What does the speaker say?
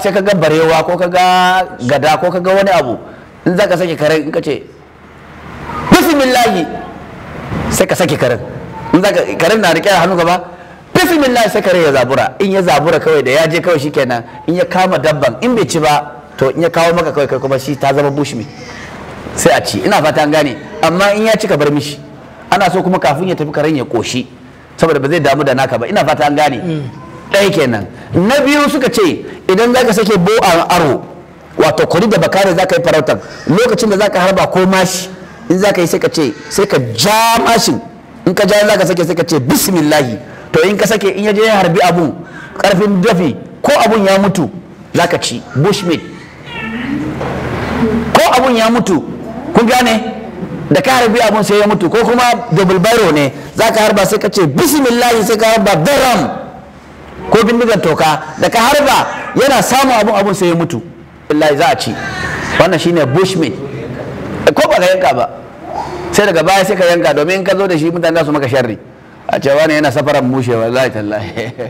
sai kaga barewa ko kaga gada ko kaga wani abu in ka sake karen in ce, bismillahi sai ka sake karen in ka karen na rike hannu gaba bismillahi sai kare ya zabura in ya zabura kawai da ya je kawai shikenan in ya kama dabban in bai ci ba to in ya kawo maka kawai kai kuma shi ta zama me sai a ci ina fata an gane amma in ya ci ka bar mishi ana so kuma kafin ya tafi karen ya koshi saboda ba zai damu da naka ba ina fata an gane mm. ɗaya kenan na biyu suka ce idan za ka sake bo a aro wato kuri da bakare za ka yi farautar lokacin da za ka harba ko mashi in za ka yi sai ka ce sai ka ja mashin in ka ja za ka sake sai ka ce bismillahi to in ka sake in ya je ya harbi abun karfin dafi ko abun ya mutu za ka ci bushmeat ko abun ya mutu kun gane da ka harbi abun sai ya mutu ko kuma double barrel ne za ka harba sai ka ce bismillahi sai ka harba daram ko bindigar toka da ka harba yana samun abun abun sai ya mutu wallahi za a ci wannan shine bushman ko ba ka yanka ba sai daga baya sai ka yanka domin ka zo da shi mutane za su maka sharri a cewa ne yana safaran mushe wallahi tallahi